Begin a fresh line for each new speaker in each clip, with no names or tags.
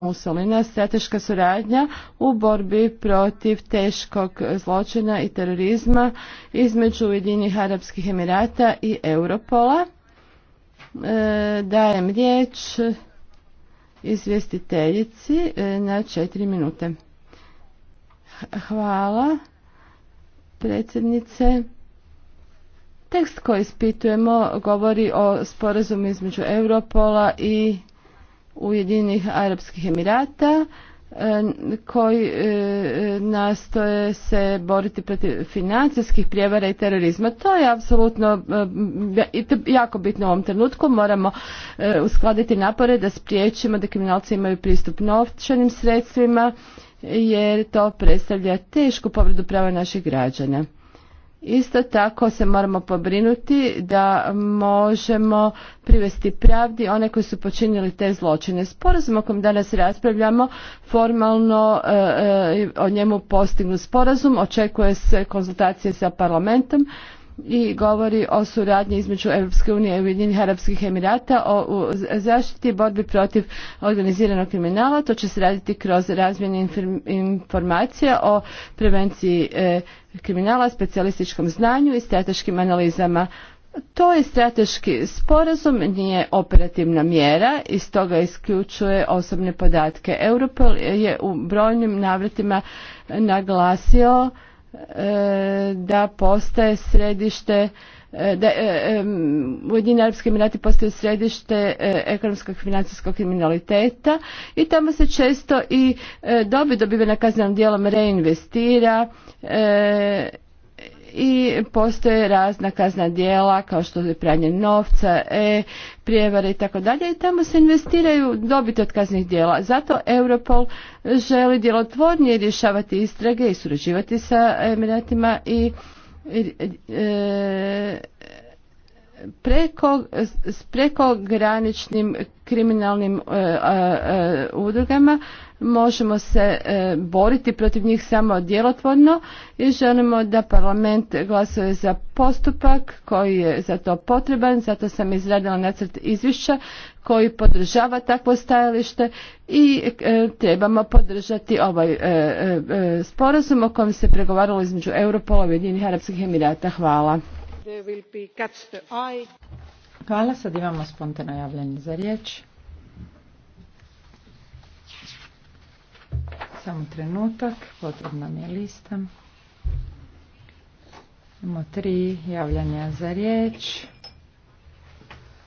Mussolina strateška suradnja u borbi protiv teškog zločina i terorizma između Ujedinih Arabskih Emirata i Europola. E, dajem riječ izvjestiteljici e, na četiri minute. Hvala predsjednice. Tekst koji ispitujemo govori o sporazumu između Europola i Ujedinih Arabskih Emirata e, koji e, nastoje se boriti protiv financijskih prijevara i terorizma. To je apsolutno e, jako bitno u ovom trenutku. Moramo uskladiti napore da spriječimo da kriminalci imaju pristup novčanim sredstvima jer to predstavlja tešku povredu prava naših građana. Isto tako se moramo pobrinuti da možemo privesti pravdi one koji su počinili te zločine. Sporazum o kojem danas raspravljamo formalno e, e, o njemu postignu sporazum, očekuje se konzultacije sa parlamentom, i govori o suradnji između Europske unije i Ujedinjenih Arabskih Emirata o zaštiti borbi protiv organiziranog kriminala. To će se raditi kroz razmjene informacija o prevenciji e, kriminala, specijalističkom znanju i strateškim analizama. To je strateški sporazum, nije operativna mjera i stoga isključuje osobne podatke. Europol je u brojnim navratima naglasio E, da postaje središte e, da e, Ujedinjeni Arabski postaju središte ekonomskog i financijskog kriminaliteta i tamo se često i dobi dobivena kaznenom dijelom reinvestira i postoje razna kazna dijela kao što je pranje novca, e, prijevare i tako dalje i tamo se investiraju dobiti od kaznih dijela. Zato Europol želi djelotvornije rješavati istrage i surađivati sa Emiratima i e, preko, s prekograničnim kriminalnim e, e, udrugama možemo se e, boriti protiv njih samo djelotvorno i želimo da parlament glasuje za postupak koji je za to potreban, zato sam izradila nacrt izvješća koji podržava takvo stajalište i e, trebamo podržati ovaj e, sporazum o kojem se pregovaralo između Europola i Ujedinjenih Arabskih Emirata. Hvala.
Hvala, sad imamo spontano javljanje za riječ. Samo trenutak, potrebna mi je lista. Imamo tri javljanja za riječ.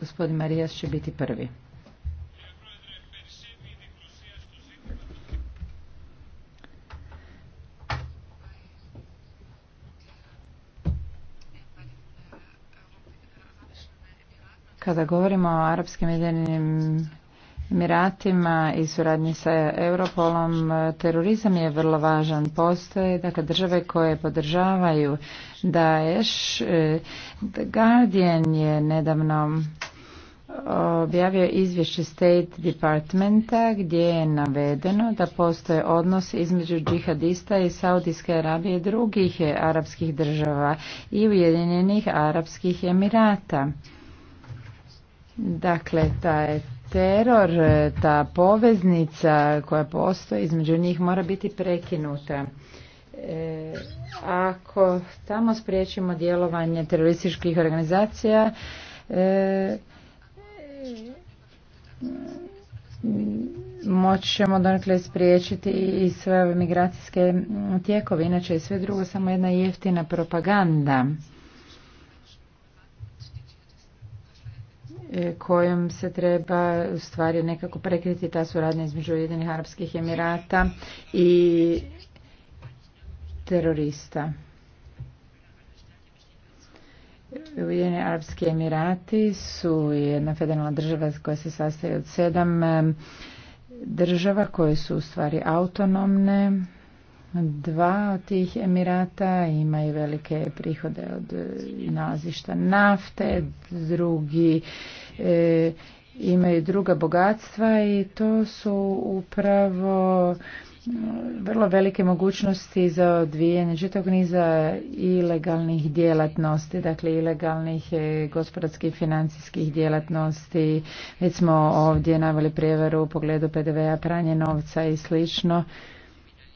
Gospodin Marijas će biti prvi. Kada govorimo o Arapskim jedinim Emiratima i suradnji sa Europolom terorizam je vrlo važan. Postoje dakle, države koje podržavaju Daesh. E, The Guardian je nedavno objavio izvješće State Departmenta gdje je navedeno da postoje odnos između džihadista i Saudijske Arabije i drugih arapskih država i Ujedinjenih Arapskih Emirata. Dakle, je teror, e, ta poveznica koja postoji između njih mora biti prekinuta. E, ako tamo spriječimo djelovanje terorističkih organizacija, e, moći ćemo donekle spriječiti i sve migracijske tijekove, inače i sve drugo samo jedna jeftina propaganda. E, kojom se treba u stvari nekako prekriti ta suradnja između Ujedinih Arabskih Emirata i terorista. Ujedinjeni Arabski Emirati su jedna federalna država koja se sastoji od sedam država koje su u stvari autonomne dva od tih Emirata imaju velike prihode od e, nalazišta nafte, drugi e, imaju druga bogatstva i to su upravo e, vrlo velike mogućnosti za odvijanje žitog niza ilegalnih djelatnosti, dakle ilegalnih gospodarskih financijskih djelatnosti. Već smo ovdje naveli prijevaru u pogledu PDV-a, pranje novca i slično.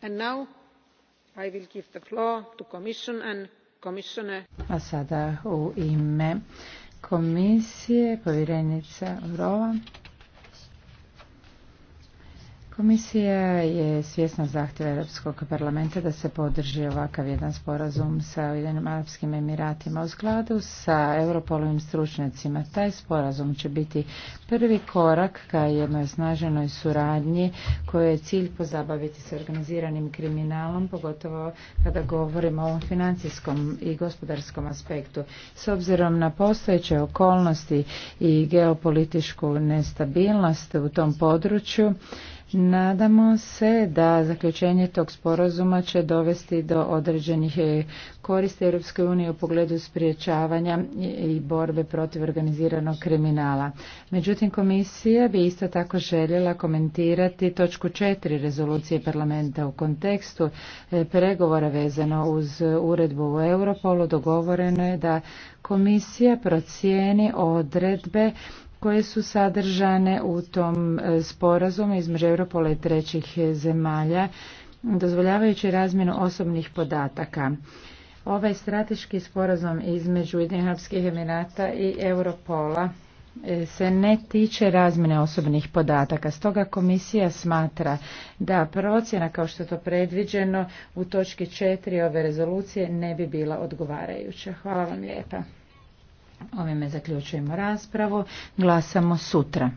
And now I will give the floor to Commission and Commissioner. A sada u ime komisije povjerenica Vrova. Komisija je svjesna zahtjeva Europskog parlamenta da se podrži ovakav jedan sporazum sa Ujedinim Arabskim Emiratima u skladu sa Europolovim stručnjacima. Taj sporazum će biti prvi korak ka jednoj snaženoj suradnji koja je cilj pozabaviti se organiziranim kriminalom, pogotovo kada govorimo o ovom financijskom i gospodarskom aspektu. S obzirom na postojeće okolnosti i geopolitičku nestabilnost u tom području, Nadamo se da zaključenje tog sporazuma će dovesti do određenih e, koristi Europske unije u pogledu spriječavanja i borbe protiv organiziranog kriminala. Međutim, komisija bi isto tako željela komentirati točku četiri rezolucije parlamenta u kontekstu e, pregovora vezano uz uredbu u Europolu. Dogovoreno je da komisija procijeni odredbe koje su sadržane u tom e, sporazumu između Europola i trećih e, zemalja, dozvoljavajući razmjenu osobnih podataka. Ovaj strateški sporazum između Ujedinjenih Emirata i Europola e, se ne tiče razmjene osobnih podataka. Stoga komisija smatra da procjena kao što je to predviđeno u točki četiri ove rezolucije ne bi bila odgovarajuća. Hvala vam lijepa. Ovime zaključujemo raspravu. Glasamo sutra.